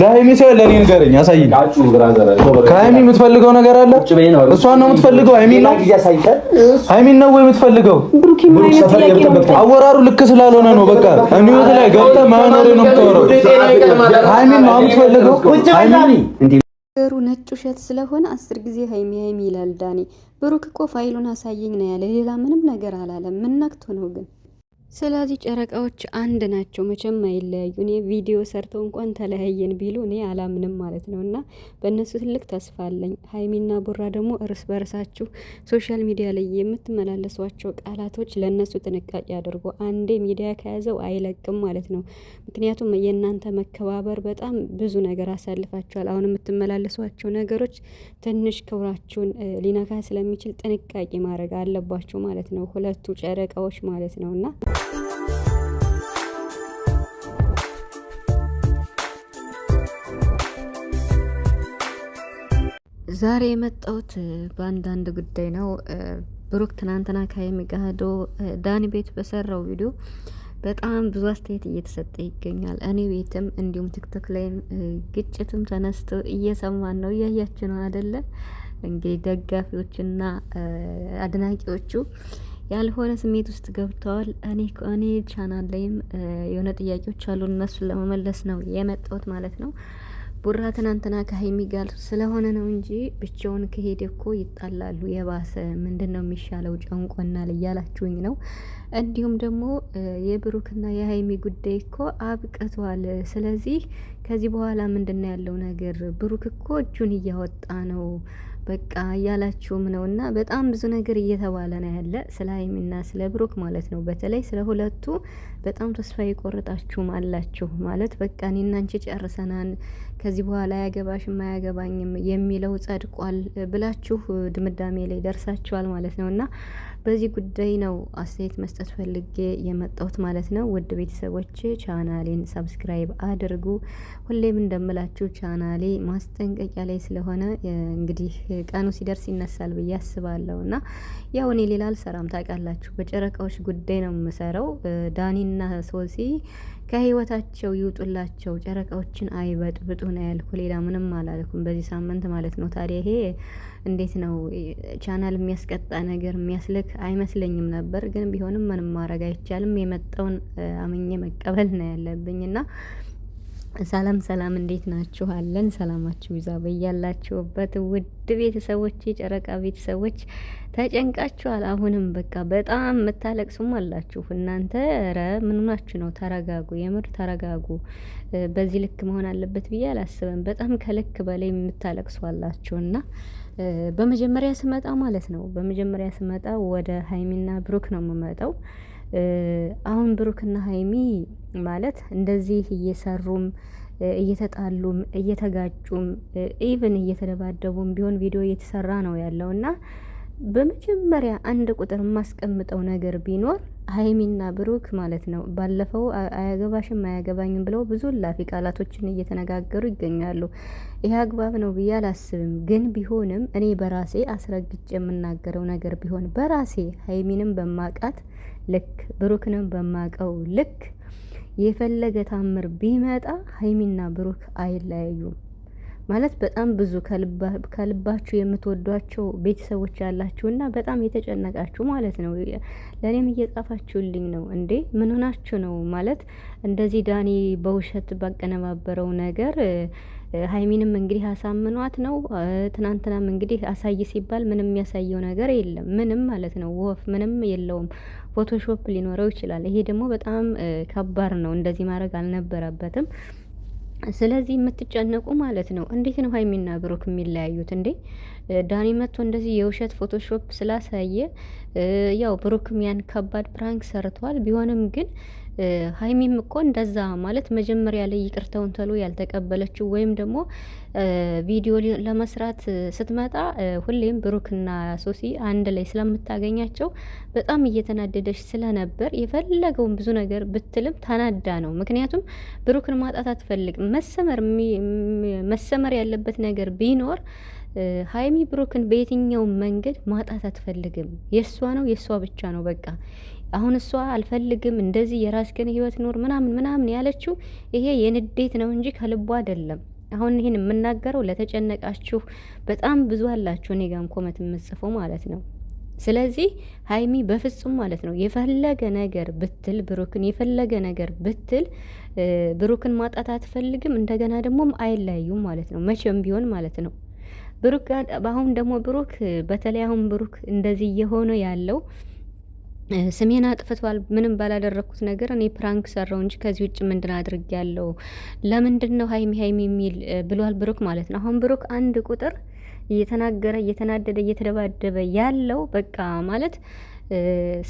ለሀይሚ ሰው ለኔ ንገረኝ፣ አሳይኝ። ከሀይሚ የምትፈልገው ነገር አለ? እሷን ነው የምትፈልገው? ሀይሚን ነው ነው ወይ የምትፈልገው? አወራሩ ልክ ስላልሆነ ነው። በቃ እኒወት ላይ ገብተህ ማነሪ ነው የምታወራው። ሀይሚን ነው የምትፈልገው? ነገሩ ነጭ ውሸት ስለሆነ አስር ጊዜ ሀይሚ ሀይሚ ይላል ዳኒ። ብሩክ እኮ ፋይሉን አሳየኝ ነው ያለ፣ ሌላ ምንም ነገር አላለም። ምን ነክቶ ነው ግን ስለዚህ ጨረቃዎች አንድ ናቸው፣ መቼም አይለያዩ። እኔ ቪዲዮ ሰርተው እንኳን ተለያየን ቢሉ እኔ አላምንም ማለት ነው። እና በእነሱ ትልቅ ተስፋ አለኝ። ሀይሚና ቡራ ደግሞ እርስ በርሳችሁ ሶሻል ሚዲያ ላይ የምትመላለሷቸው ቃላቶች ለእነሱ ጥንቃቄ አድርጎ አንዴ ሚዲያ ከያዘው አይለቅም ማለት ነው። ምክንያቱም የእናንተ መከባበር በጣም ብዙ ነገር አሳልፋችኋል። አሁን የምትመላለሷቸው ነገሮች ትንሽ ክብራችሁን ሊነካ ስለሚችል ጥንቃቄ ማድረግ አለባቸው ማለት ነው። ሁለቱ ጨረቃዎች ማለት ነው እና ዛሬ የመጣሁት በአንዳንድ ጉዳይ ነው። ብሩክ ትናንትና ከሀይሚ ጋር ሄዶ ዳኒ ቤት በሰራው ቪዲዮ በጣም ብዙ አስተያየት እየተሰጠ ይገኛል። እኔ ቤትም እንዲሁም ቲክቶክ ላይም ግጭትም ተነስቶ እየሰማን ነው። እያያችሁ ነው አደለ? እንግዲህ ደጋፊዎችና አድናቂዎቹ ያልሆነ ስሜት ውስጥ ገብተዋል። እኔ ከእኔ ቻናል ላይም የሆነ ጥያቄዎች አሉ እነሱን ለመመለስ ነው የመጣሁት ማለት ነው። ቡራ ትናንትና ከሀይሚ ጋር ስለሆነ ነው እንጂ ብቻውን ከሄደ እኮ ይጣላሉ። የባሰ ምንድን ነው የሚሻለው? ጨንቆናል እያላችሁኝ ነው። እንዲሁም ደግሞ የብሩክና የሀይሚ ጉዳይ እኮ አብቅቷል። ስለዚህ ከዚህ በኋላ ምንድን ነው ያለው ነገር? ብሩክ እኮ እጁን እያወጣ ነው በቃ እያላችሁም ነው እና በጣም ብዙ ነገር እየተባለ ነው ያለ ስለ ሀይሚና ስለ ብሩክ ማለት ነው። በተለይ ስለ ሁለቱ በጣም ተስፋ የቆረጣችሁም አላችሁ ማለት በቃ እኔና አንቺ ጨርሰናን ከዚህ በኋላ ያገባሽም አያገባኝም የሚለው ጸድቋል ብላችሁ ድምዳሜ ላይ ደርሳችኋል ማለት ነው እና በዚህ ጉዳይ ነው አስተያየት መስጠት ፈልጌ የመጣሁት ማለት ነው። ውድ ቤተሰቦች ቻናሌን ሰብስክራይብ አድርጉ። ሁሌም እንደምላችሁ ቻናሌ ማስጠንቀቂያ ላይ ስለሆነ እንግዲህ ቀኑ ሲደርስ ይነሳል ብዬ አስባለሁ እና ያው እኔ ሌላ አልሰራም ታውቃላችሁ። በጨረቃዎች ጉዳይ ነው የምሰራው ዳኒና ሶሲ ከህይወታቸው ይውጡላቸው፣ ጨረቃዎችን አይበጥብጡ ነው ያልኩ። ሌላ ምንም አላልኩም በዚህ ሳምንት ማለት ነው። ታዲያ ይሄ እንዴት ነው ቻናል የሚያስቀጣ ነገር የሚያስልክ አይመስለኝም ነበር፣ ግን ቢሆንም ምንም ማድረግ አይቻልም። የመጣውን አምኜ መቀበል ነው ያለብኝ እና ሰላም ሰላም፣ እንዴት ናችሁ? አለን ሰላማችሁ ይዛ በያላችሁበት ውድ ቤተሰቦች፣ የጨረቃ ቤተሰቦች ተጨንቃችኋል። አሁንም በቃ በጣም የምታለቅሱም አላችሁ እናንተ። ኧረ ምን ሆናችሁ ነው? ተረጋጉ፣ የምር ተረጋጉ። በዚህ ልክ መሆን አለበት ብዬ አላስብም። በጣም ከልክ በላይ የምታለቅሱ አላችሁ እና በመጀመሪያ ስመጣ ማለት ነው በመጀመሪያ ስመጣ ወደ ሀይሚና ብሩክ ነው የምመጣው አሁን ብሩክና ሀይሚ ማለት እንደዚህ እየሰሩም እየተጣሉም እየተጋጩም ኢቭን እየተደባደቡም ቢሆን ቪዲዮ እየተሰራ ነው ያለውና በመጀመሪያ አንድ ቁጥር የማስቀምጠው ነገር ቢኖር ሀይሚና ብሩክ ማለት ነው። ባለፈው አያገባሽም አያገባኝም ብለው ብዙ ላፊ ቃላቶችን እየተነጋገሩ ይገኛሉ። ይህ አግባብ ነው ብዬ አላስብም። ግን ቢሆንም እኔ በራሴ አስረግጬ የምናገረው ነገር ቢሆን በራሴ ሀይሚንም በማቃት ልክ ብሩክንም በማቀው ልክ የፈለገ ታምር ቢመጣ ሀይሚና ብሩክ አይለያዩም። ማለት በጣም ብዙ ከልባችሁ የምትወዷቸው ቤተሰቦች እና በጣም የተጨነቃችሁ ማለት ነው። ለእኔም እየጻፋችሁልኝ ነው እንዴ ምን ሆናችሁ ነው? ማለት እንደዚህ ዳኒ በውሸት ባቀነባበረው ነገር ሀይሚንም እንግዲህ አሳምኗት ነው። ትናንትናም እንግዲህ አሳይ ሲባል ምንም የሚያሳየው ነገር የለም ምንም ማለት ነው። ወፍ ምንም የለውም። ፎቶሾፕ ሊኖረው ይችላል። ይሄ ደግሞ በጣም ከባድ ነው። እንደዚህ ማድረግ አልነበረበትም። ስለዚህ የምትጨነቁ ማለት ነው። እንዴት ነው ሀይሚና ብሩክ የሚለያዩት እንዴ? ዳኒ መጥቶ እንደዚህ የውሸት ፎቶሾፕ ስላሳየ ያው ብሩክም ያን ከባድ ፕራንክ ሰርተዋል። ቢሆንም ግን ሀይሚም እኮ እንደዛ ማለት መጀመሪያ ላይ ይቅርተውን ተሎ ያልተቀበለችው ወይም ደግሞ ቪዲዮ ለመስራት ስትመጣ ሁሌም ብሩክና ሶሲ አንድ ላይ ስለምታገኛቸው በጣም እየተናደደች ስለነበር የፈለገውን ብዙ ነገር ብትልም ተናዳ ነው። ምክንያቱም ብሩክን ማጣት አትፈልግ መሰመር መሰመር ያለበት ነገር ቢኖር ሀይሚ ብሩክን በየትኛው መንገድ ማጣት አትፈልግም። የእሷ ነው የእሷ ብቻ ነው በቃ። አሁን እሷ አልፈልግም እንደዚህ የራስህን ህይወት ኖር ምናምን ምናምን ያለችው ይሄ የንዴት ነው እንጂ ከልቧ አይደለም። አሁን ይህን የምናገረው ለተጨነቃችሁ በጣም ብዙ አላችሁ እኔ ጋም ኮመት የምጽፉ ማለት ነው። ስለዚህ ሀይሚ በፍጹም ማለት ነው የፈለገ ነገር ብትል ብሩክን የፈለገ ነገር ብትል ብሩክን ማጣት አትፈልግም። እንደገና ደግሞም አይለያዩም ማለት ነው መቼም ቢሆን ማለት ነው። ብሩክ አሁን ደግሞ ብሩክ በተለይ አሁን ብሩክ እንደዚህ እየሆነ ያለው ስሜን አጥፍቷል። ምንም ባላደረግኩት ነገር እኔ ፕራንክ ሰራው እንጂ ከዚህ ውጭ ምንድን አድርግ ያለው ለምንድን ነው ሀይሚ ሀይሚ የሚል ብሏል ብሩክ ማለት ነው። አሁን ብሩክ አንድ ቁጥር እየተናገረ እየተናደደ እየተደባደበ ያለው በቃ ማለት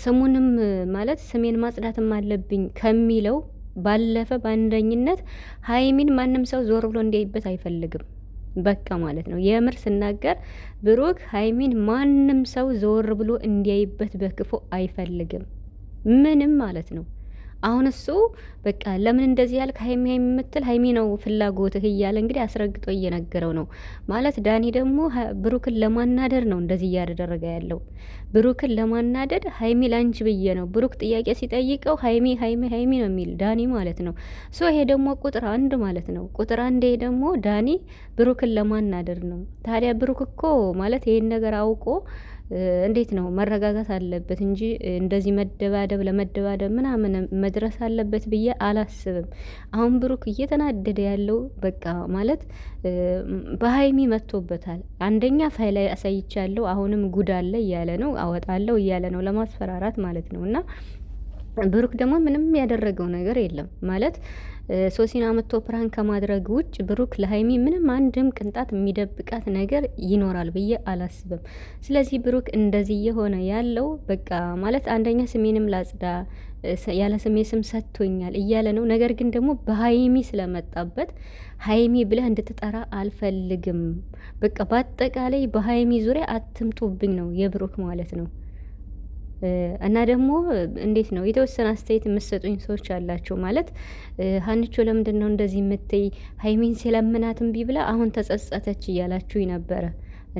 ስሙንም ማለት ስሜን ማጽዳትም አለብኝ ከሚለው ባለፈ በአንደኝነት ሀይሚን ማንም ሰው ዞር ብሎ እንዲያይበት አይፈልግም። በቃ ማለት ነው። የምር ስናገር ብሩክ ሀይሚን ማንም ሰው ዘወር ብሎ እንዲያይበት በክፉ አይፈልግም ምንም ማለት ነው። አሁን እሱ በቃ ለምን እንደዚህ ያልክ ሀይሚ ሀይሚ የምትል ሀይሚ ነው ፍላጎትህ እያለ እንግዲህ አስረግጦ እየነገረው ነው ማለት። ዳኒ ደግሞ ብሩክን ለማናደድ ነው እንደዚህ እያደረገ ያለው ብሩክን ለማናደድ ሀይሚ ላንች ብዬ ነው። ብሩክ ጥያቄ ሲጠይቀው ሀይሚ ሀይሚ ሀይሚ ነው የሚል ዳኒ ማለት ነው። ሶ ይሄ ደግሞ ቁጥር አንድ ማለት ነው። ቁጥር ይሄ ደግሞ ዳኒ ብሩክን ለማናደድ ነው። ታዲያ ብሩክ እኮ ማለት ይሄን ነገር አውቆ እንዴት ነው መረጋጋት አለበት እንጂ እንደዚህ መደባደብ ለመደባደብ ምናምን መድረስ አለበት ብዬ አላስብም። አሁን ብሩክ እየተናደደ ያለው በቃ ማለት በሀይሚ መጥቶበታል። አንደኛ ፋይል ላይ አሳይቻለሁ፣ አሁንም ጉድ አለ እያለ ነው፣ አወጣለሁ እያለ ነው፣ ለማስፈራራት ማለት ነው። እና ብሩክ ደግሞ ምንም ያደረገው ነገር የለም ማለት ሶሲን አመቶ ፕራን ከማድረግ ውጭ ብሩክ ለሀይሚ ምንም አንድም ቅንጣት የሚደብቃት ነገር ይኖራል ብዬ አላስብም። ስለዚህ ብሩክ እንደዚህ እየሆነ ያለው በቃ ማለት አንደኛ ስሜንም ላጽዳ ያለ ስሜ ስም ሰጥቶኛል እያለ ነው። ነገር ግን ደግሞ በሀይሚ ስለመጣበት ሀይሚ ብለህ እንድትጠራ አልፈልግም። በቃ በአጠቃላይ በሀይሚ ዙሪያ አትምጡብኝ ነው የብሩክ ማለት ነው። እና ደግሞ እንዴት ነው የተወሰነ አስተያየት የምትሰጡኝ ሰዎች አላቸው። ማለት ሀንቾ ለምንድን ነው እንደዚህ የምትይ? ሀይሚን ሲለምናት እምቢ ብላ አሁን ተጸጸተች እያላችሁኝ ነበረ።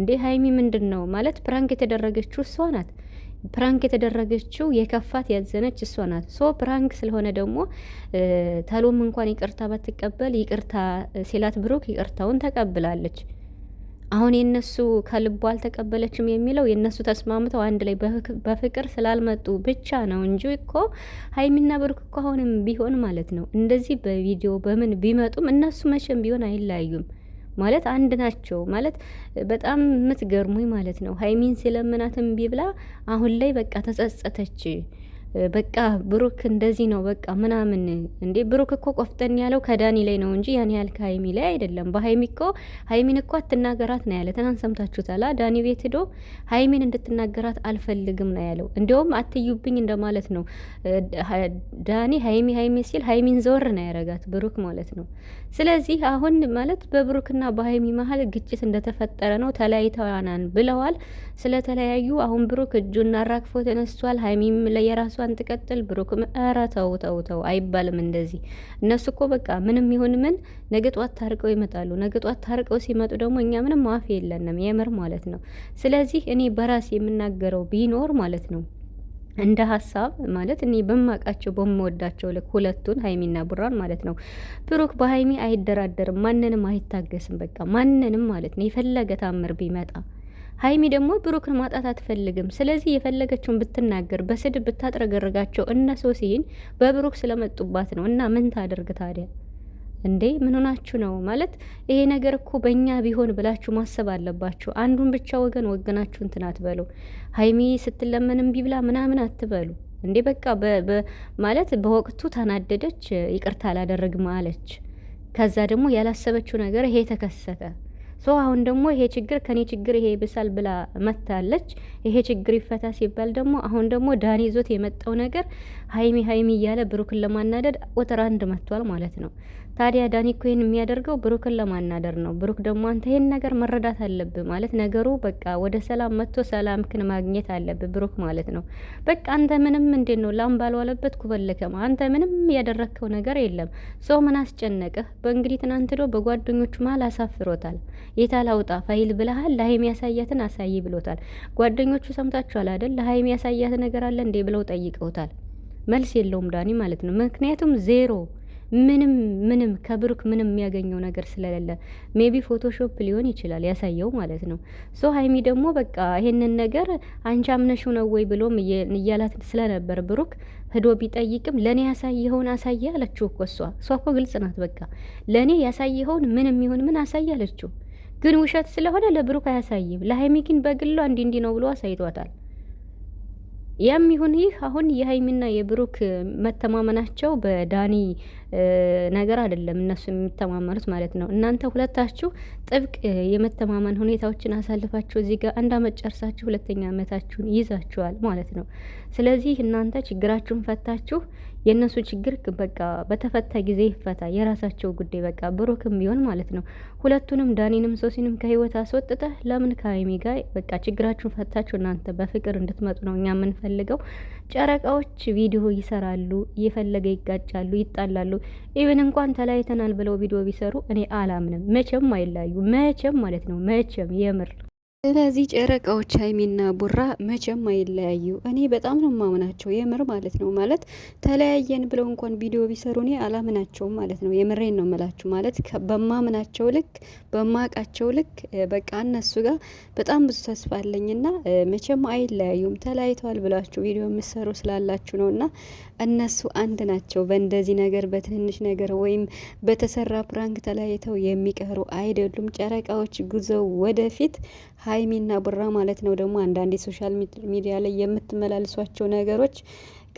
እንዴ ሀይሚ ምንድን ነው ማለት ፕራንክ የተደረገችው እሷ ናት። ፕራንክ የተደረገችው የከፋት ያዘነች እሷ ናት። ሶ ፕራንክ ስለሆነ ደግሞ ታሎም እንኳን ይቅርታ ባትቀበል ይቅርታ ሲላት ብሩክ ይቅርታውን ተቀብላለች። አሁን የነሱ ከልቡ አልተቀበለችም የሚለው የነሱ ተስማምተው አንድ ላይ በፍቅር ስላልመጡ ብቻ ነው እንጂ እኮ ሀይሚና ብሩክ እኮ አሁንም ቢሆን ማለት ነው እንደዚህ በቪዲዮ በምን ቢመጡም እነሱ መቼም ቢሆን አይለያዩም። ማለት አንድ ናቸው። ማለት በጣም የምትገርሙኝ ማለት ነው። ሀይሚን ሲለምናትም ቢብላ አሁን ላይ በቃ ተጸጸተች። በቃ ብሩክ እንደዚህ ነው በቃ ምናምን እንዴ ብሩክ እኮ ቆፍጠን ያለው ከዳኒ ላይ ነው እንጂ ያን ያህል ከሀይሚ ላይ አይደለም። በሀይሚ እኮ ሀይሚን እኮ አትናገራት ነው ያለ። ትናንት ሰምታችሁታላ። ዳኒ ቤት ሄዶ ሀይሚን እንድትናገራት አልፈልግም ነው ያለው። እንዲሁም አትዩብኝ እንደማለት ነው። ዳኒ ሀይሚ ሀይሚ ሲል ሀይሚን ዘወር ነው ያረጋት ብሩክ ማለት ነው። ስለዚህ አሁን ማለት በብሩክና በሀይሚ መሀል ግጭት እንደተፈጠረ ነው። ተለያይተዋናን ብለዋል። ስለተለያዩ አሁን ብሩክ እጁን አራግፎ ተነስቷል። ሀይሚም ለየራሷ ህይወቷን ትቀጥል። ብሩክም ኧረ ተው ተው ተው አይባልም እንደዚህ። እነሱ እኮ በቃ ምንም ይሁን ምን ነገ ጧት ታርቀው ይመጣሉ። ነገ ጧት ታርቀው ሲመጡ ደግሞ እኛ ምንም ማፍ የለንም የምር ማለት ነው። ስለዚህ እኔ በራሴ የምናገረው ቢኖር ማለት ነው እንደ ሀሳብ ማለት እኔ በማውቃቸው በምወዳቸው ልክ ሁለቱን ሀይሚና ቡራን ማለት ነው። ብሩክ በሀይሚ አይደራደርም፣ ማንንም አይታገስም። በቃ ማንንም ማለት ነው የፈለገ ታምር ቢመጣ ሀይሚ ደግሞ ብሩክን ማጣት አትፈልግም። ስለዚህ የፈለገችውን ብትናገር፣ በስድብ ብታጥረገርጋቸው እነ ሶሲን በብሩክ ስለመጡባት ነው እና ምን ታደርግ ታዲያ? እንዴ ምን ሆናችሁ ነው ማለት ይሄ ነገር እኮ በእኛ ቢሆን ብላችሁ ማሰብ አለባችሁ። አንዱን ብቻ ወገን ወገናችሁ እንትን አትበሉ። ሀይሚ ስትለመንም ቢብላ ምናምን አትበሉ። እንዴ በቃ ማለት በወቅቱ ታናደደች፣ ይቅርታ አላደረግም አለች። ከዛ ደግሞ ያላሰበችው ነገር ይሄ ተከሰተ። ሶ አሁን ደግሞ ይሄ ችግር ከኔ ችግር ይሄ ይብሳል ብላ መታለች። ይሄ ችግር ይፈታ ሲባል ደግሞ አሁን ደግሞ ዳኒ ይዞት የመጣው ነገር ሀይሚ ሀይሚ እያለ ብሩክን ለማናደድ ቁጥር አንድ መጥቷል ማለት ነው። ታዲያ ዳኒ እኮ ይህን የሚያደርገው ብሩክን ለማናደር ነው። ብሩክ ደግሞ አንተ ይህን ነገር መረዳት አለብህ ማለት ነገሩ በቃ ወደ ሰላም መጥቶ ሰላምክን ማግኘት አለብህ ብሩክ ማለት ነው። በቃ አንተ ምንም ምንድን ነው ላም ባልዋለበት ኩበለከም አንተ ምንም ያደረግከው ነገር የለም። ሰው ምን አስጨነቀህ በእንግዲህ ትናንት ዶ በጓደኞቹ መሀል አሳፍሮታል። የታላውጣ ፋይል ብለሃል ለሀይሚ ያሳያትን አሳይ ብሎታል። ጓደኞቹ ሰምታችኋል አይደል? ለሀይሚ ያሳያት ነገር አለ እንዴ ብለው ጠይቀውታል። መልስ የለውም ዳኒ ማለት ነው። ምክንያቱም ዜሮ ምንም ምንም ከብሩክ ምንም የሚያገኘው ነገር ስለሌለ ሜቢ ፎቶሾፕ ሊሆን ይችላል ያሳየው ማለት ነው። ሶ ሀይሚ ደግሞ በቃ ይሄንን ነገር አንቺ አምነሽው ነው ወይ ብሎም እያላት ስለነበር ብሩክ ህዶ ቢጠይቅም ለእኔ ያሳየኸውን አሳየ አለችው እኮ እሷ እሷ እኮ ግልጽ ናት። በቃ ለእኔ ያሳየኸውን ምንም ይሁን ምን አሳየ አለችው። ግን ውሸት ስለሆነ ለብሩክ አያሳይም። ለሀይሚ ግን በግሏ እንዲ እንዲ ነው ብሎ አሳይቷታል። ያም ይሁን ይህ አሁን የሀይሚና የብሩክ መተማመናቸው በዳኒ ነገር አይደለም እነሱ የሚተማመኑት ማለት ነው። እናንተ ሁለታችሁ ጥብቅ የመተማመን ሁኔታዎችን አሳልፋችሁ እዚህ ጋር አንድ አመት ጨርሳችሁ ሁለተኛ አመታችሁን ይዛችኋል ማለት ነው። ስለዚህ እናንተ ችግራችሁን ፈታችሁ የእነሱ ችግር በቃ በተፈታ ጊዜ ይፈታ፣ የራሳቸው ጉዳይ በቃ ብሩክም ቢሆን ማለት ነው። ሁለቱንም ዳኒንም ሶሲንም ከህይወት አስወጥተ ለምን ከሀይሚ ጋር በቃ ችግራችሁን ፈታችሁ እናንተ በፍቅር እንድትመጡ ነው እኛ የምንፈልገው። ጨረቃዎች ቪዲዮ ይሰራሉ፣ የፈለገ ይጋጫሉ፣ ይጣላሉ። ኢቨን እንኳን ተለያይተናል ብለው ቪዲዮ ቢሰሩ እኔ አላምንም። መቼም አይለያዩ መቼም ማለት ነው መቼም የምር ስለዚህ ጨረቃዎች ሀይሚና ቡራ መቼም አይለያዩ። እኔ በጣም ነው ማምናቸው የምር ማለት ነው። ማለት ተለያየን ብለው እንኳን ቪዲዮ ቢሰሩ እኔ አላምናቸውም ማለት ነው። የምሬን ነው ምላችሁ ማለት በማምናቸው ልክ በማቃቸው ልክ በቃ እነሱ ጋር በጣም ብዙ ተስፋ አለኝና መቼም አይለያዩም። ተለያይተዋል ብላችሁ ቪዲዮ የምሰሩ ስላላችሁ ነውና እነሱ አንድ ናቸው። በእንደዚህ ነገር በትንንሽ ነገር ወይም በተሰራ ፕራንክ ተለያይተው የሚቀሩ አይደሉም። ጨረቃዎች ጉዞ ወደፊት ሀይሚና ቡራ ማለት ነው ደግሞ አንዳንድ የሶሻል ሚዲያ ላይ የምትመላልሷቸው ነገሮች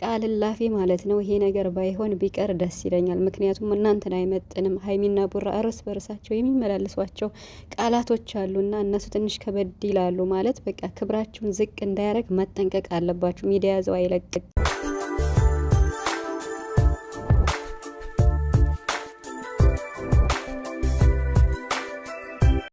ቃልላፌ ማለት ነው። ይሄ ነገር ባይሆን ቢቀር ደስ ይለኛል። ምክንያቱም እናንተን አይመጥንም። ሀይሚና ቡራ እርስ በርሳቸው የሚመላልሷቸው ቃላቶች አሉና እነሱ ትንሽ ከበድ ይላሉ ማለት በቃ ክብራችሁን ዝቅ እንዳያደርግ መጠንቀቅ አለባችሁ። ሚዲያ ዘው አይለቅቅ